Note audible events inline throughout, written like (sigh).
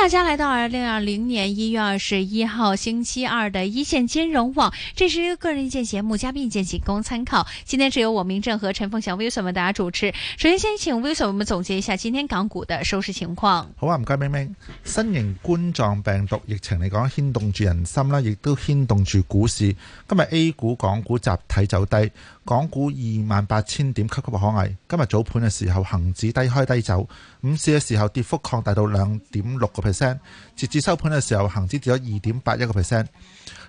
大家來到二零二零年一月二十一號星期二的一線金融網，這是個人意見節目，嘉賓意見僅供參考。今天是由我明正和陳鳳祥 Wilson 為大家主持。首先，先請 Wilson 我們總結一下今天港股的收市情況。好啊，唔該，明明。新型冠狀病毒疫情嚟講，牽動住人心啦，亦都牽動住股市。今日 A 股、港股集體走低。港股二萬八千點岌岌可危。今日早盤嘅時候，恒指低開低走，午市嘅時候跌幅擴大到兩點六個 percent。截至收盤嘅時候，恒指跌咗二點八一個 percent，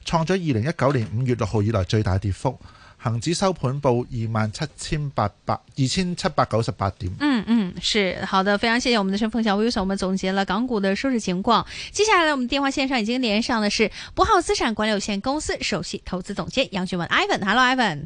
創咗二零一九年五月六號以來最大跌幅。恒指收盤報二萬七千八百二千七百九十八點。嗯嗯，是好的，非常謝謝我們的陳鳳祥先生，我們總結了港股的收市情況。接下來，我們電話線上已經連上嘅是博浩資產管理有限公司首席投資總監楊俊文 （Ivan）。Hello，Ivan。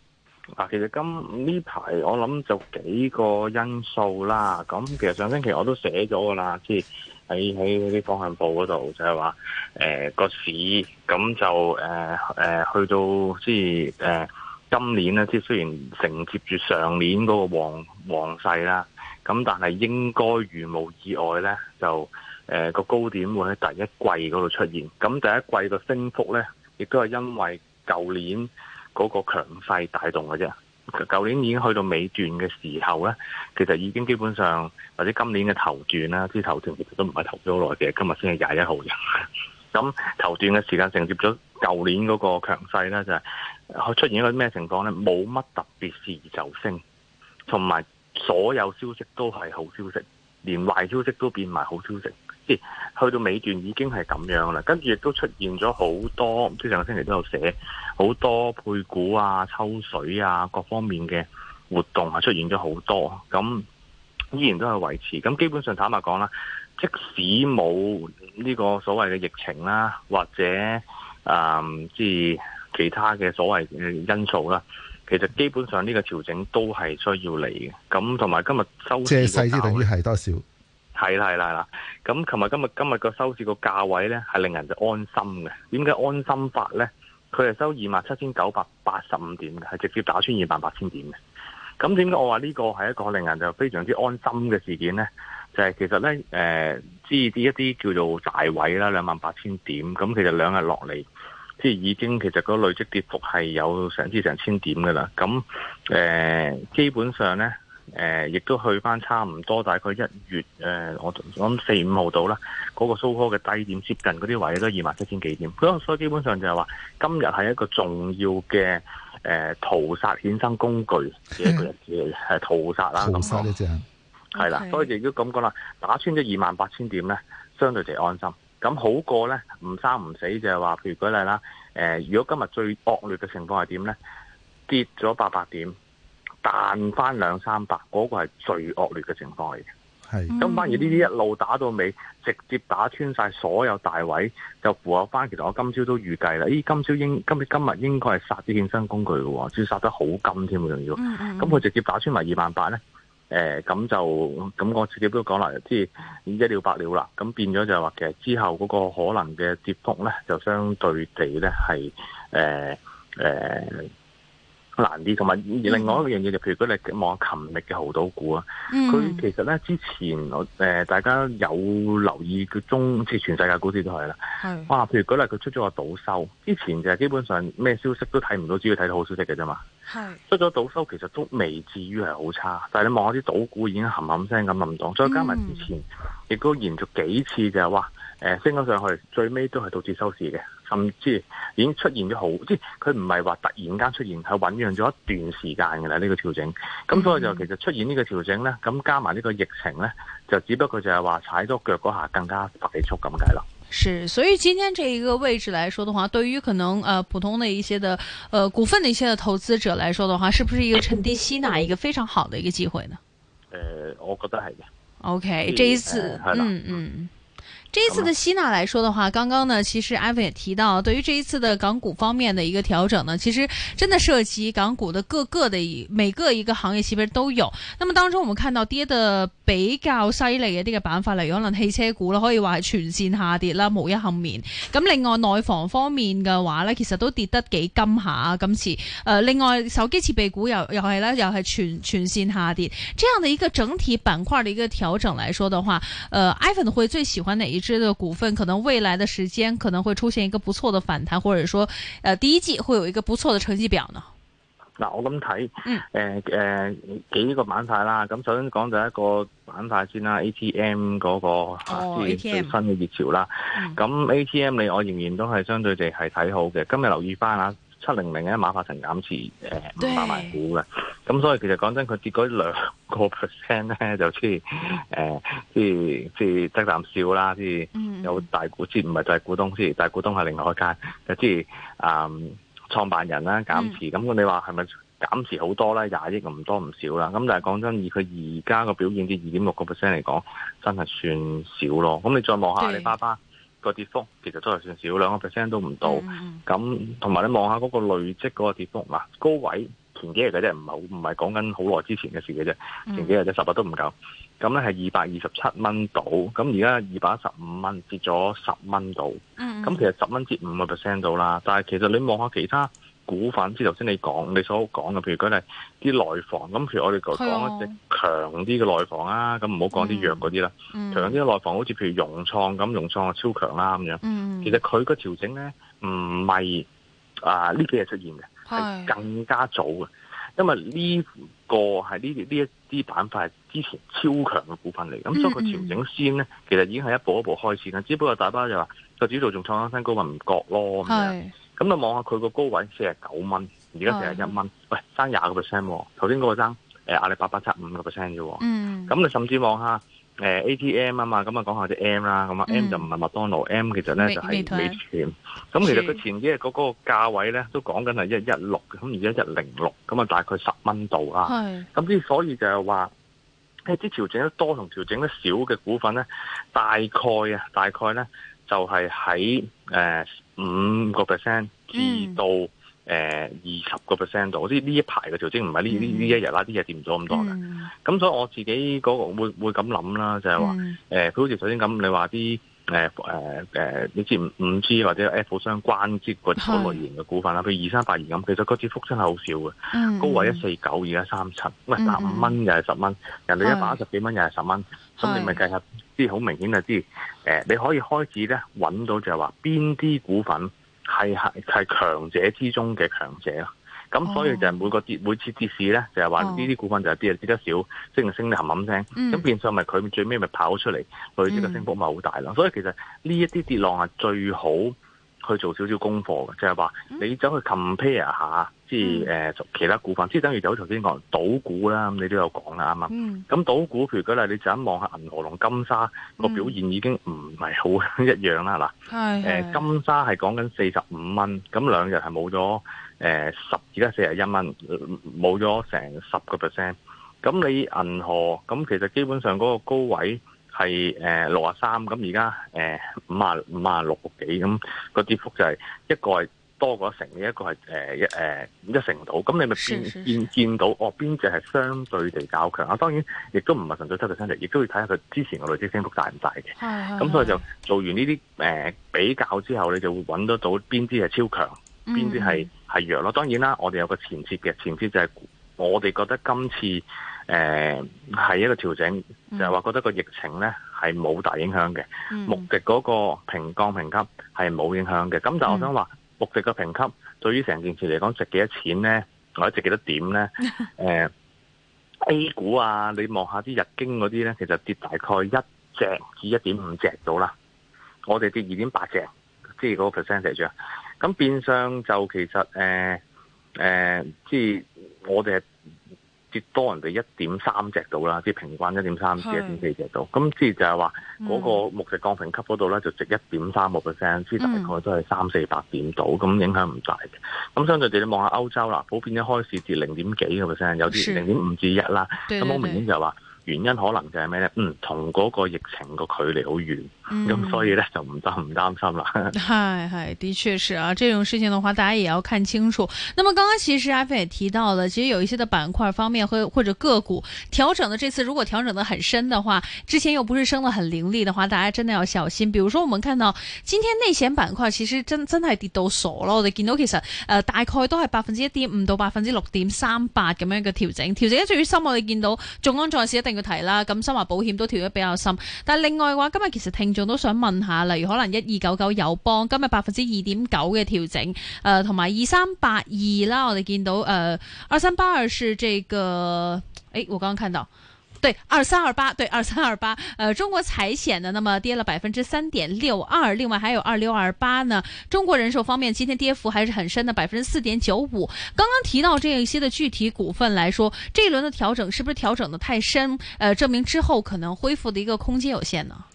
嗱，其實今呢排我諗就幾個因素啦。咁其實上星期我都寫咗㗎啦，即係喺喺啲方向報嗰度就係話，誒、呃、個市咁就誒、呃、去到即係誒今年咧，即係雖然承接住上年嗰個旺旺勢啦，咁但係應該如無意外咧，就誒個、呃、高點會喺第一季嗰度出現。咁第一季嘅升幅咧，亦都係因為舊年。嗰個強勢帶動嘅啫，舊年已經去到尾段嘅時候呢，其實已經基本上或者今年嘅頭段啦，啲頭段其實都唔係投咗好耐嘅，今日先係廿一號嘅。咁頭段嘅時間承接咗舊年嗰個強勢呢，就係出現一個咩情況呢？冇乜特別事就升，同埋所有消息都係好消息，連壞消息都變埋好消息。即去到尾段已經係咁樣啦，跟住亦都出現咗好多，即係上個星期都有寫好多配股啊、抽水啊各方面嘅活動係、啊、出現咗好多，咁、嗯、依然都係維持。咁、嗯、基本上坦白講啦，即使冇呢個所謂嘅疫情啦、啊，或者啊，即、嗯、係其他嘅所謂嘅因素啦、啊，其實基本上呢個調整都係需要嚟嘅。咁同埋今日週四，即係細等於係多少？係啦，係啦，咁琴日、今日、今日個收市個價位呢，係令人就安心嘅。點解安心法呢？佢係收二萬七千九百八十五點嘅，係直接打穿二萬八千點嘅。咁點解我話呢個係一個令人就非常之安心嘅事件呢？就係、是、其實呢，誒、呃，即啲一啲叫做大位啦，兩萬八千點。咁其實兩日落嚟，即係已經其實個累積跌幅係有成千成千點嘅啦。咁誒、呃，基本上呢。誒，亦、呃、都去翻差唔多，大概一月誒、呃，我諗四五號度啦。嗰、那個蘇科嘅低點接近嗰啲位都二萬七千幾點。咁、嗯、所以基本上就係話，今日係一個重要嘅誒、呃、屠殺衍生工具嘅一個日子嚟， (laughs) 屠殺啦咁講。係啦， (laughs) 所以亦都咁講啦，打穿咗二萬八千點咧，相對就安心。咁好過咧，唔生唔死就係話，譬如舉例啦，誒、呃，如果今日最惡劣嘅情況係點咧？跌咗八百點。彈翻兩三百，嗰個係最惡劣嘅情況嚟嘅。係咁是，反而呢啲一路打到尾，直接打穿晒所有大位，就符合翻。其實我今朝都預計啦，咦？今朝應今今日應該係殺啲衍生工具喎，仲要殺得好金添，仲要的。咁佢直接打穿埋二萬八咧，誒、呃、咁就咁，我自己都講啦，即係一了百了啦。咁變咗就係話，其實之後嗰個可能嘅跌幅咧，就相對地咧係誒誒。難啲，同埋另外一樣嘢就譬如如果你望下琴日嘅豪賭股啊，佢、嗯、其實咧之前，誒、呃、大家有留意佢中，似全世界股市都係啦，係哇是、啊！譬如嗰日佢出咗個賭收，之前就係基本上咩消息都睇唔到，只要睇到好消息嘅啫嘛，係是出咗賭收，其實都未至於係好差，但係你望下啲賭股已經冚冚聲咁冧檔，再加埋之前亦、嗯、都連續幾次就係哇！誒，升咗上去，最尾都係導致收市嘅，甚至已經出現咗好，即係佢唔係話突然間出現，係醞釀咗一段時間嘅啦。呢、這個調整，咁所以就其實出現呢個調整咧，咁加埋呢個疫情咧，就只不過就係話踩咗腳嗰下更加快速咁解咯。係，所以今天呢一個位置來說嘅話，對於可能誒、呃、普通的一些的誒、呃、股份的一些的投資者來說嘅話，是不是一個趁低吸納一個非常好嘅一個機會呢？誒、呃，我覺得係嘅。OK，呢一次，嗯、呃、嗯。嗯這一次的吸納來說的話，剛剛呢，其實 Ivan 也提到，對於這一次的港股方面的一個調整呢，其實真的涉及港股的各個的每個一個行業，前邊都有。那麼當中我們看到跌的比較犀利的啲嘅板塊嚟，可能汽車股啦，可以話係全線下跌啦，無一幸免。咁另外內房方面嘅話咧，其實都跌得幾金下、啊，今次。誒、呃，另外手機設備股又又係咧，又係全全線下跌。這樣的一個整體板塊的一個調整來說的話，誒、呃、Ivan 會最喜歡哪一？隻嘅股份可能未來嘅時間可能會出現一個不錯嘅反彈，或者說，呃，第一季會有一個不錯嘅成績表呢。嗱，我咁睇，誒誒、呃呃、幾個板塊啦，咁首先講就一個板塊先啦，ATM 嗰、那個吓，哦、最新嘅熱潮啦。咁 ATM 你我仍然都係相對地係睇好嘅。今日留意翻啊，七零零啊，馬化騰減持誒五百萬股嘅。呃對嗯咁、嗯、所以其實講真，佢跌嗰兩個 percent 咧，就似、是、誒，即係即係得啖笑啦，即、就、係、是、有大股資，唔係大股東先，但、就、係、是、大股東係另外一間，就即係誒創辦人啦減持。咁、嗯、你話係咪減持好多咧？廿億唔多唔少啦。咁但係講真，以佢而家個表現嘅二點六個 percent 嚟講，真係算少咯。咁你再望下阿里巴巴個跌幅，其實都係算少，兩個 percent 都唔到。咁同埋你望下嗰個累積嗰個跌幅嗱，高位。前幾日嘅啫，唔係唔係講緊好耐之前嘅事嘅啫。前幾日啫，十日都唔夠。咁咧係二百二十七蚊度，咁而家二百一十五蚊，跌咗十蚊度。咁、嗯、其實十蚊至五個 percent 度啦。但係其實你望下其他股份，即頭先你講你所講嘅，譬如佢哋啲內房，咁譬如我哋講一隻強啲嘅內房啊，咁唔好講啲弱嗰啲啦。嗯、強啲嘅內房好似譬如融創咁，融創就超強啦咁樣。其實佢個調整咧唔係啊呢幾日出現嘅。係更加早嘅，因為呢個係呢呢一啲板塊之前超強嘅股份嚟，咁、嗯嗯、所以佢調整先咧，其實已經係一步一步開始緊。只不過大家就話個指數仲創新高不咯，咪唔覺咯咁樣。咁你望下佢個高位四十九蚊，而家四十一蚊，喂、嗯，爭廿個 percent 喎。頭先嗰個爭阿里巴巴七五個 percent 啫喎。咁你甚至望下。誒 ATM 啊嘛，咁啊講下啲 M 啦，咁啊 M 就唔係麥當勞，M 其實咧就係美團。咁其實佢前幾日嗰個價位咧都講緊係一日一六，咁而家一日零六，咁啊大概十蚊度啦。咁之所以就係話即係啲調整得多同調整得少嘅股份咧，大概啊，大概咧就係喺誒五個 percent 至到。誒二十個 percent 度，即係呢一排嘅調整唔係呢呢呢一日啦，啲嘢掂唔到咁多嘅。咁、嗯、所以我自己嗰個會咁諗啦，就係話誒，佢好似頭先咁，呃、你話啲誒誒誒，你知五 G 或者 Apple 相關之嗰類，類型嘅股份啦，佢二三八二咁，其實嗰啲復升真係好少嘅，嗯、高位一四九，而家三七，喂，五蚊又係十蚊，人哋一百一十幾蚊又係十蚊，咁你咪計下，即係好明顯啊！即、呃、係你可以開始咧揾到就係話邊啲股份。係係強者之中嘅強者咯，咁所以就每個跌、oh. 每次跌市咧，就係話呢啲股份就跌得跌得少，升就升得冚冚聲，咁、mm. 變相咪佢最尾咪跑出嚟，佢個嘅升幅咪好大咯，mm. 所以其實呢一啲跌浪係，最好去做少少功課嘅，就係、是、話你走去 compare 下。Mm. 即係誒，其他股份，即係等於就好頭先講，賭股啦，咁你都有講啦，啊嘛。咁賭股，譬如舉例，你就一望下銀河同金沙個表現，已經唔係好一樣啦，係嘛？誒，金沙係講緊四十五蚊，咁兩日係冇咗誒十，而家四十一蚊，冇咗成十個 percent。咁你銀河咁，其實基本上嗰個高位係誒六啊三，咁而家誒五啊五啊六個幾，咁個跌幅就係一個係。多過一成呢一個係誒一誒一成度，咁你咪是見見到哦邊隻係相對地較強啊？當然亦都唔係純粹質素差別，亦都要睇下佢之前個累積升幅大唔大嘅。咁是所以就做完呢啲誒比較之後，你就會揾得到邊啲係超強，邊啲係係弱咯。當然啦，我哋有個前設嘅前設就係我哋覺得今次誒係、呃、一個調整，就係、是、話覺得個疫情咧係冇大影響嘅，嗯、穆迪嗰個評降評級係冇影響嘅。咁但係我想話。嗯穆迪嘅評級對於成件事嚟講值幾多錢咧？或者值幾多點咧？誒、 (laughs) uh，A 股啊，你望下啲日經嗰啲咧，其實跌大概一隻至一點五隻到啦。我哋跌二點八隻，即係嗰個 percentage 上。咁變相就其實誒誒，即、呃、係、呃就是、我哋。跌多人哋一點三隻度啦，即係平均一點三至一點四隻度。咁即係就係話嗰個穆迪降評級嗰度咧，就值一點三個 percent，即大概都係三、嗯、四百點到，咁影響唔大嘅。咁相對地，你望下歐洲啦，普遍一開市跌零點幾嘅 percent，有啲零點五至一啦，咁我明顯就話原因可能就係咩咧？嗯，同嗰個疫情個距離好遠。咁、嗯、所以呢，就唔擔唔擔心啦。係係、 (noise) 哎，的確是啊，這種事情的話，大家也要看清楚。那麼剛剛其實阿飛也提到了其實有一些的板塊方面或或者個股調整的，這次如果調整的很深的話，之前又不是升得很凌厲的話，大家真的要小心。比如說我們看到今天內險板塊其實真真係跌到傻咯，我哋見到其實、呃、大概都係百分之一點五到百分之六點三八咁樣嘅調整，調整得最深我哋見到眾安在線一定要提啦，咁新華保險都調得比較深。但另外嘅話，今日其實聽咗。我都想問下了，例如可能一二九九友邦今日百分之二點九嘅調整，誒、呃，同埋二三八二啦，我哋見到誒，二三八二是這個，誒，我剛剛看到，對，二三二八，對，二三二八，誒，中國財險呢，那麼跌了百分之三點六二，另外還有二六二八呢，中國人壽方面今天跌幅還是很深的，百分之四點九五。剛剛提到這一些的具體股份來說，這一輪的調整是不是調整得太深？誒、呃，證明之後可能恢復的一個空間有限呢？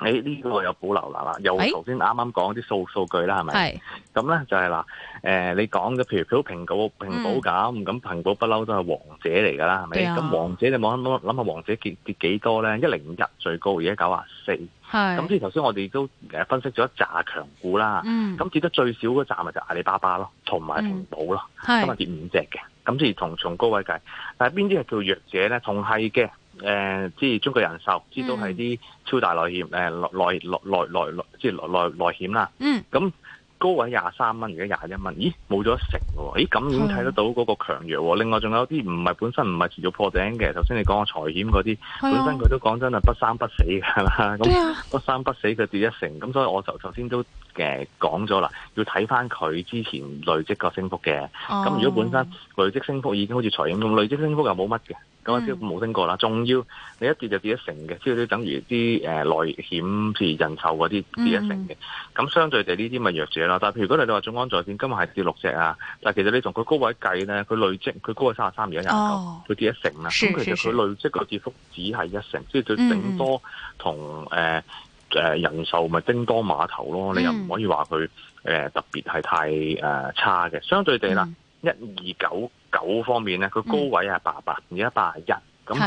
你呢、哎呢個有保留啦，又頭先啱啱講啲數、欸、數據啦，係咪？係是。咁咧就係、是、嗱，誒、呃、你講嘅譬如佢蘋果蘋果咁，咁、嗯、蘋果不嬲都係王者嚟㗎啦，係咪？咁、哎、呀王者你冇下諗下王者跌跌幾多咧？一零一最高而家九啊四，係。咁即係頭先我哋都誒分析咗一扎強股啦，咁、嗯、跌得最少嘅站咪就阿里巴巴咯，同埋蘋果咯，咁啊、嗯、跌五隻嘅。咁即係同從高位計，但係邊啲係叫弱者咧？同係嘅。誒，即係、呃、中國人壽，即係都係啲超大內險，誒內內內內即係內內險啦。嗯。咁、呃嗯、高位廿三蚊而家廿一蚊，咦冇咗一成嘅喎？咦，咁已經睇得到嗰個強弱、哦？的另外仲有啲唔係本身唔係持續破頂嘅，頭先你講個財險嗰啲，的本身佢都講真啊，不生不死噶啦。咩的不生不死佢跌一成，咁所以我就頭先都誒講咗啦，要睇翻佢之前累積個升幅嘅。哦。咁如果本身累積升幅已經好似財險咁，累積升幅又冇乜嘅。冇、嗯、升過啦，仲要，你一跌就跌一成嘅，即係等於啲誒內險譬如人壽嗰啲跌一成嘅。咁、嗯、相對地呢啲咪弱者啦。但係如果你哋話中安在線今日係跌六隻啊，但係其實你同佢高位計咧，佢累積佢高係三十三而家廿九，佢跌一成啦、啊。咁其實佢累積個跌幅只係一成，即係佢頂多同誒誒人壽咪爭多碼頭咯。你又唔可以話佢誒特別係太誒、呃、差嘅。相對地啦，一二九。九方面咧，佢高位係八八，而家八一，咁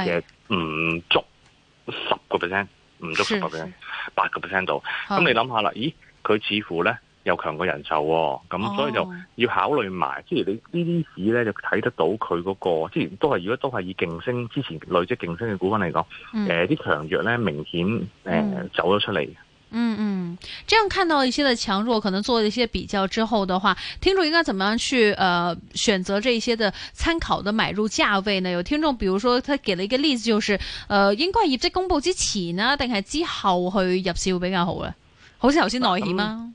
其實唔足十個 percent，唔足十個 percent，八個 percent 度。咁你諗下啦，咦？佢似乎咧又強過人壽、哦，咁所以就要考慮埋。即係你呢啲市咧，就睇得到佢嗰、那個，即係都係如果都係以勁升，之前累積勁升嘅股份嚟講，誒啲強弱咧明顯誒、呃嗯、走咗出嚟。嗯嗯，這樣看到一些的強弱，可能做了一些比較之後的話，聽眾應該怎麼樣去，呃，選擇這些的參考的買入價位呢？有聽眾，比如說，他給了一個例子就是，呃應該業績公佈之前呢定係之後去入市會比較好咧？好似頭先內險啊？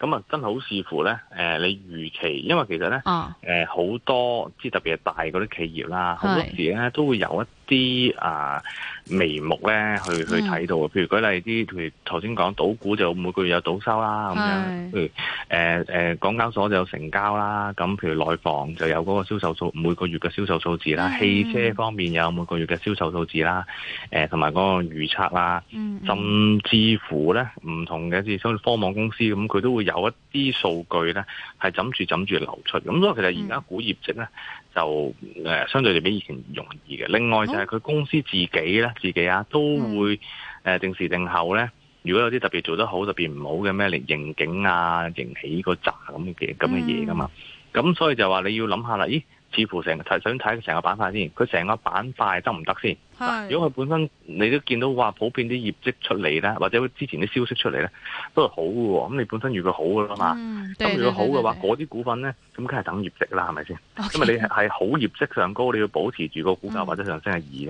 咁啊、嗯嗯嗯，真係好視乎呢誒、呃，你預期，因為其實咧，誒、啊，好、呃、多，即係特別係大嗰啲企業啦，好是多時咧都會有一。啲啊眉目咧，去去睇到，嗯，譬，譬如舉例啲，譬如頭先講賭股就每個月有賭收啦，咁樣是，譬如誒誒，港、呃呃，交所，就有成交啦，咁譬如內房就有嗰個銷售數，每個月嘅銷售數字啦，嗯、汽車方面有每個月嘅銷售數字啦，誒、呃，同埋嗰個預測啦，嗯嗯甚至乎咧唔同嘅，似相科網公司咁，佢都會有一啲數據咧，係枕住枕住流出，咁所以其實而家股業績咧。嗯就誒、呃、相對地比以前容易嘅，另外就係佢公司自己咧，哦、自己啊都會誒的、呃、定時定候咧，如果有啲特別做得好、特別唔好嘅咩嚟認警啊、認起個閘咁嘅咁嘅嘢噶嘛，咁、嗯、所以就話你要諗下啦，咦？ (noise) 似乎成，睇想睇成個板塊先，佢成個板塊得唔得先？嗱是，如果佢本身你都見到話普遍啲業績出嚟咧，或者之前啲消息出嚟咧，都好嘅喎。咁你本身預佢好嘅啦嘛，咁、嗯、如果好嘅話，嗰啲股份咧，咁梗係等業績啦，係咪先？Okay 因為你係係好業績上高，你要保持住個股價、嗯、或者上升係易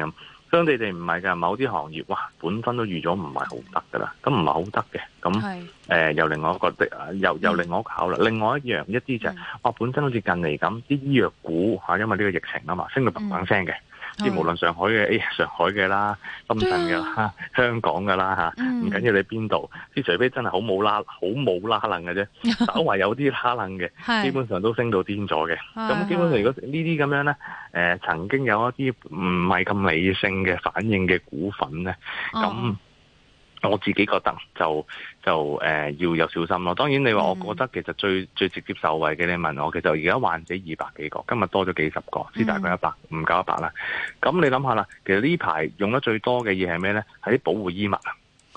相對地唔係㗎，某啲行業哇，本身都預咗唔係好得㗎啦，咁唔係好得嘅，咁係、呃、又另外一個，的啊，又又另外一個考慮，嗯、另外一樣一啲就係、係、哇、嗯啊、本身好似近嚟咁啲醫藥股、啊、因為呢個疫情啊嘛，升到嘭嘭聲嘅。嗯即係無論上海嘅，誒、哎，上海嘅啦，深圳嘅啦，對香港嘅啦吓，唔緊要、嗯、你邊度，即係除非真係好冇拉，好冇拉冷嘅啫，稍為 (laughs) 有啲拉冷嘅， (laughs) 基本上都升到癲咗嘅。咁 (laughs) 基本上如果這這呢啲咁樣咧，誒、呃，曾經有一啲唔係咁理性嘅反應嘅股份咧，咁、嗯。我自己覺得就就誒、呃、要有小心咯。當然你話我覺得其實最、嗯、最直接受惠嘅，你問我其實而家患者二百幾個，今日多咗幾十個，先大概一百，唔夠一百啦。咁你諗下啦，其實呢排用得最多嘅嘢係咩咧？係啲保護衣物啊，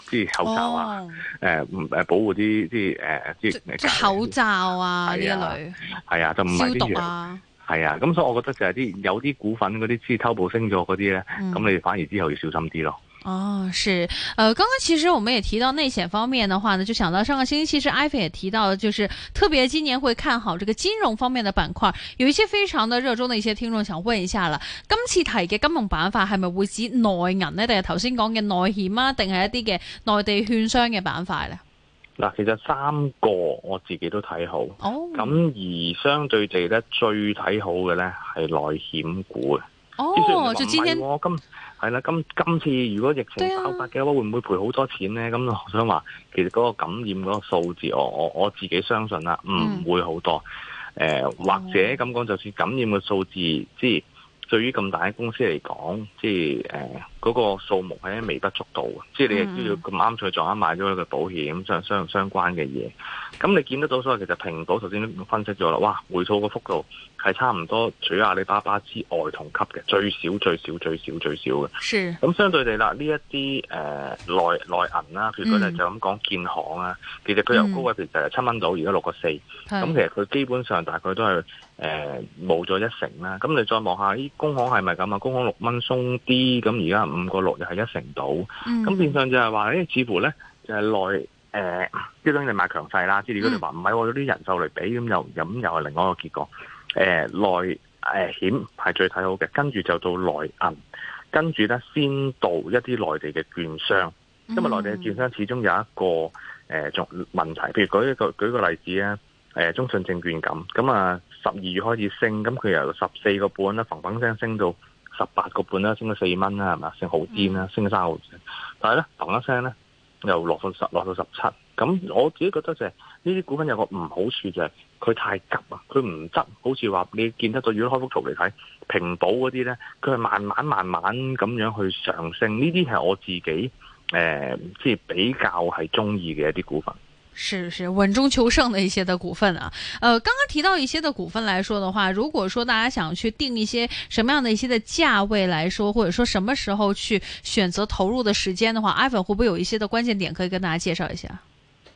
即係口罩啊，誒唔、哦呃、保護啲啲誒啲。呃、口罩啊，呢、啊、一類係啊，啊，就唔係啲藥啊，係啊。咁所以，我覺得就係啲有啲股份嗰啲，即係偷步升咗嗰啲咧，咁、嗯、你反而之後要小心啲咯。哦，是，呃，剛剛其實我們也提到內險方面的話呢，就想到上個星期，其實艾芬也提到，就是特別今年會看好這個金融方面的板塊，有一些非常的熱衷的一些聽眾想問一下啦，今次提嘅金融板塊係咪會指內銀呢？定係頭先講嘅內險啊，定係一啲嘅內地券商嘅板塊呢？嗱，其實三個我自己都睇好，哦，咁而相對地咧最睇好嘅咧係內險股嘅，哦，哦就今年我今。係啦，今今次如果疫情爆發嘅話，啊、會唔會賠好多錢呢？咁我想話，其實嗰個感染嗰個數字，我我我自己相信啦，唔會好多。誒、嗯呃，或者咁講，就算感染嘅數字，即、就、係、是、對於咁大嘅公司嚟講，即係誒。呃嗰個數目係微不足道、嗯、即係你係需要咁啱才撞啱買咗一個保險咁相相相關嘅嘢。咁你見得到，所以其實蘋果頭先分析咗啦，哇！回數個幅度係差唔多除咗阿里巴巴之外同級嘅最少最少最少最少嘅。咁是相對地啦，呢一啲誒內內銀啦，譬如佢哋就咁講建行啊，嗯、其實佢由高位 7< 是>其實係七蚊到，而家六個四，咁其實佢基本上大概都係誒冇咗一成啦。咁你再望下咦，工行係咪咁啊？工行六蚊鬆啲，咁而家五個六又係、就是、一成到，咁、嗯、變相就係話，誒似乎咧就係內誒啲人你賣強勢啦。即係如果你話唔係我攞啲人壽嚟俾咁又咁又係另外一個結果。誒、呃、內誒、呃、險係最睇好嘅，跟住就到內銀，跟住咧先到一啲內地嘅券商。因為內地嘅券商始終有一個誒種、呃、問題，譬如舉一個，舉個例子啊、呃，中信證券咁，咁啊十二月開始升，咁佢由十四個半啦，砰砰聲升到。十八個半啦，升咗四蚊啦，係咪，升好啲啦，升咗三毫。但係咧，砰一聲咧，又落十，落到十七。咁我自己覺得就係呢啲股份有個唔好處就係、是、佢太急啊，佢唔得。好似話你見得到如果開幅圖嚟睇，平保嗰啲咧，佢係慢慢慢慢咁樣去上升。呢啲係我自己誒，即、呃、係、就是、比較係中意嘅一啲股份。是是穩中求勝的一些的股份啊，呃，剛剛提到一些的股份來說的話，如果說大家想去定一些什麼樣的一些的價位來說，或者說什麼時候去選擇投入的時間的話，Ivan 會不會有一些的關鍵點可以跟大家介紹一下？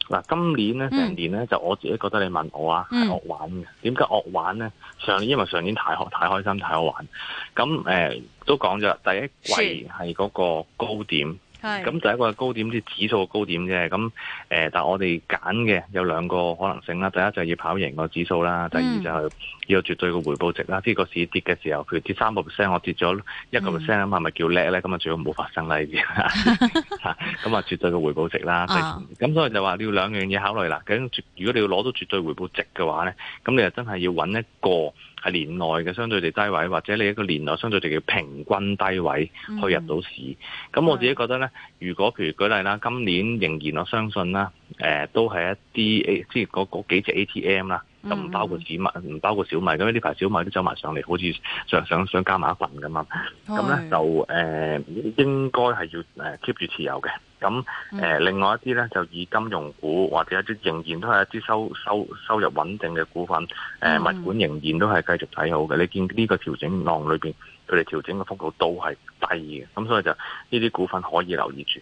嗱，今年呢，上年呢，就我自己覺得你問我啊，嗯、是惡玩嘅，點解惡玩呢？上年因為上年太開太開心太好玩，咁誒、呃、都講咗第一季係嗰個高點。係咁，是第一個係高點，啲指數嘅高點啫。咁誒、呃，但係我哋揀嘅有兩個可能性啦。第一就係要跑贏個指數啦，第二就係要有絕對嘅回報值啦。呢個、嗯、市跌嘅時候，譬如跌三個 percent，我跌咗一個 percent，咁係咪叫叻咧？咁啊，最好唔好發生啦。呢啲咁啊，絕對嘅回報值啦。咁、啊、所，所以就話你要兩樣嘢考慮啦。如果你要攞到絕對回報值嘅話咧，咁你就真係要揾一個。係年內嘅相對地低位，或者你一個年內相對地叫平均低位去入到市。咁、嗯、我自己覺得咧，的如果譬如舉例啦，今年仍然我相信啦，誒、呃、都係一啲，即係嗰嗰幾隻 ATM 啦。咁唔包括紙物，嗯嗯、包括小米，唔包括小米，咁呢排小米都走埋上嚟，好似想想想加埋一份咁咁，咧就誒、呃、應該係要 keep 住持，持有嘅。咁、呃、另外一啲咧就以金融股或者一啲仍然都係一啲收收收入穩定嘅股份，誒、嗯嗯、物管仍然都係繼續睇好嘅。你見呢個調整浪裏邊，佢哋調整嘅幅度都係低嘅，咁所以就呢啲股份可以留意住。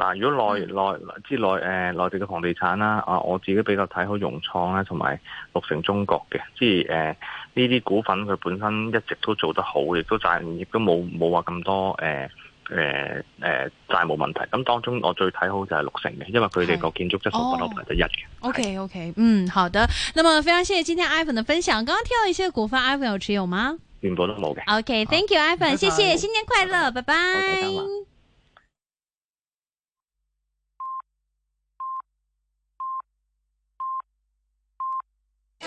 嗱，如果內內之內誒內地嘅房地產啦，嗯、啊，我自己比較睇好融創啦，同埋六成中國嘅，即係誒呢啲股份佢本身一直都做得好，亦都債亦都冇冇話咁多誒誒誒債務問題。咁當中我最睇好就係六成嘅，因為佢哋個建築質素不嬲排第一嘅。哦、的 OK OK，嗯，好的。那麼非常謝謝今天 Ivan 嘅分享。剛剛聽到一些股份，Ivan 有持有嗎？全部都冇嘅。OK，Thank you，Ivan，謝謝新年快樂，拜拜。